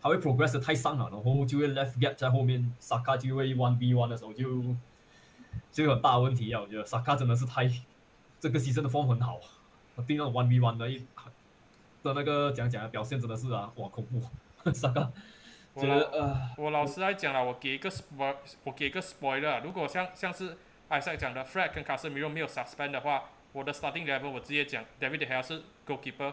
佢會 progress 得太上了，然後就會 left gap 在後面，沙卡就會 one v one 的時候就就有大問題啊！我覺得沙卡真的是太，這個犧牲的風很好，我對那 one v one 的一的那個講講的表現真的是啊，哇恐怖！沙卡，我老、呃、我，我，我老實嚟講了，我給一個，spoil，我給一個 spoiler，如果像像是 Isaac 講的 Fred 跟 Casemiro 沒有 suspend 的話，我的 starting level 我直接講 David Harris goalkeeper。